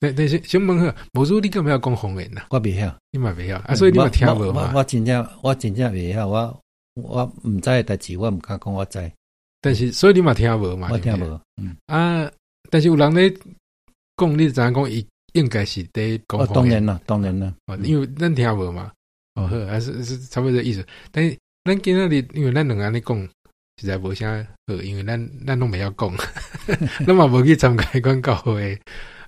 你你先問吓，冇做你咁樣講方言啊，我唔要，你咪唔、嗯、啊，所以你咪聽唔到嘛。我真正我，我真正唔要，我我唔知代志，我唔敢講我知道。但是所以你咪聽唔到嘛，我聽唔到、嗯對不對嗯。啊，但是有人咧講你講，應應該是得講方言當然啦，當然啦、啊，因為你聽唔到嘛，哦、嗯，係，係、啊，是差不多這意思。但是咱今天因為因為兩個人講，實在冇咩好，因為咱咱都冇要講，咱 啊， 冇去參加廣告會。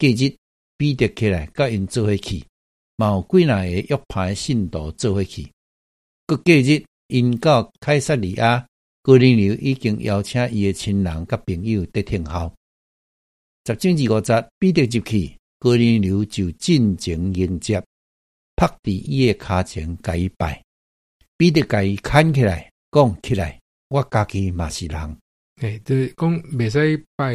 隔日彼得起來，甲因做伙去，嘛有幾若個約帕信徒做伙去。個隔日，因到凱撒利亞，哥尼流已經邀請伊誒親人甲朋友佇聽候。十章二五節，彼得入去，哥尼流就進前迎接，拍佇伊誒骹前，甲伊拜。彼得甲伊牽起來，講起來，我家己嘛是人。誒、欸，就是講袂使拜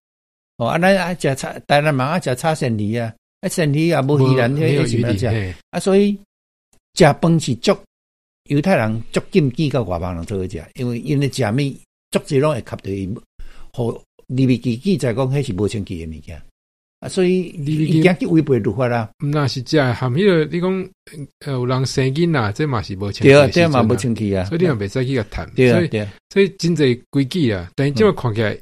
哦，阿那阿食差，大人嘛，阿食差身體啊，啊，身體也無魚人，啊，所以食飯是足，猶太人足禁忌甲外邦人做伙食，因為因為食咩足之攏會吸到伊，利未記記載講，迄是無清氣誒物件。啊，所以你講佢違背律法啦，唔、啊、是食含迄、那個，你講有人生囝仔即嘛是無清氣，對啊，即嘛無清氣啊，所以你也唔使去佢談。對啊，對啊，啊所以真濟規矩啊，啊但係咁看起來。嗯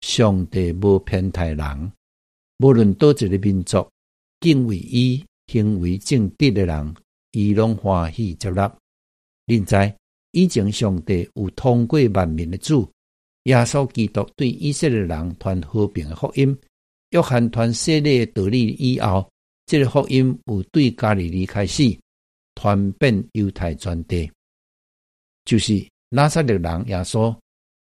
上帝無偏袒人，無論叨一個民族，敬畏伊行為正直嘅人，伊攏歡喜接納。另在以前上帝有通過萬民的主耶穌基督，對以色列人傳和平嘅福音。約翰傳洗禮嘅道理以後，即、這個福音有對加利利開始傳遍猶太全地，就是拉薩的人耶穌。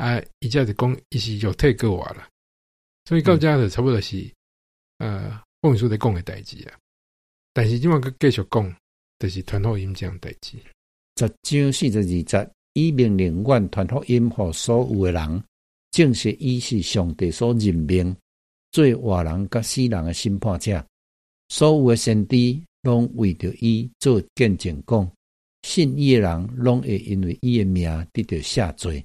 啊！伊家是講，伊是又退給我了，所以到各家是差不多是，嗯、呃，供說，說的講的代志啊。但是即物佮繼續講，就是傳福音即樣代志。十章四十二節伊命令阮傳福音予所有的人，正是伊是上帝所任命，做活人甲死人嘅審判者。所有嘅先知，攏為着伊做見證講信伊的人，攏會因為伊嘅名，得著赦罪。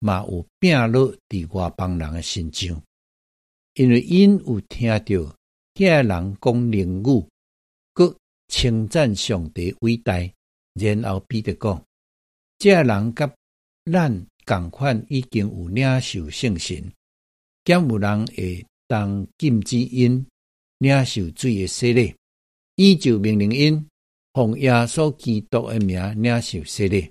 嘛有變落佇外邦人嘅身上，因為因有聽到，迄個人講靈語，佮稱讚上帝偉大，然後彼得講，即個人甲咱共款已經有領受聖神，監有人會當禁止因領受水嘅洗禮，伊就命令因，奉耶穌基督嘅名領受洗禮。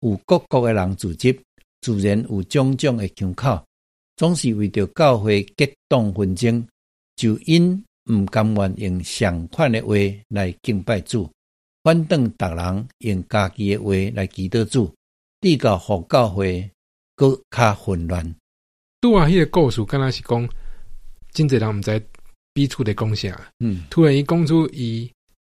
有各國嘅人組織，自然有種種嘅腔口，總是為着教會結黨紛爭，就因毋甘願用上款嘅話來敬拜主，反倒逐人用家己嘅話來祈禱主，地教互教會佫較混亂。拄啊，迄個故事敢若是講，真濟人毋知彼此佇講啥，啊，突然伊講出伊。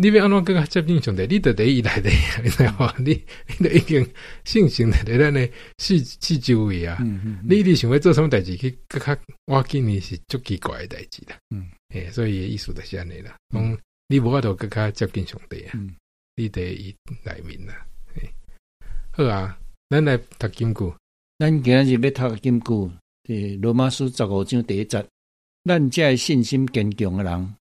你要安怎更加接近上帝，你就在伊內底。你睇、嗯、你你已經信心嚟緊咱事四周圍啊！你你想要做什麼代志？佢更加，我見你是足奇怪代志啦、嗯。所以意思就是咁嚟啦，講、嗯、你無法度更加接近上帝啊，你在伊內面啦。好啊，咱來讀金句，咱、嗯、今日就嚟讀金句，羅馬書十五章第一節，咱即信心堅強嘅人。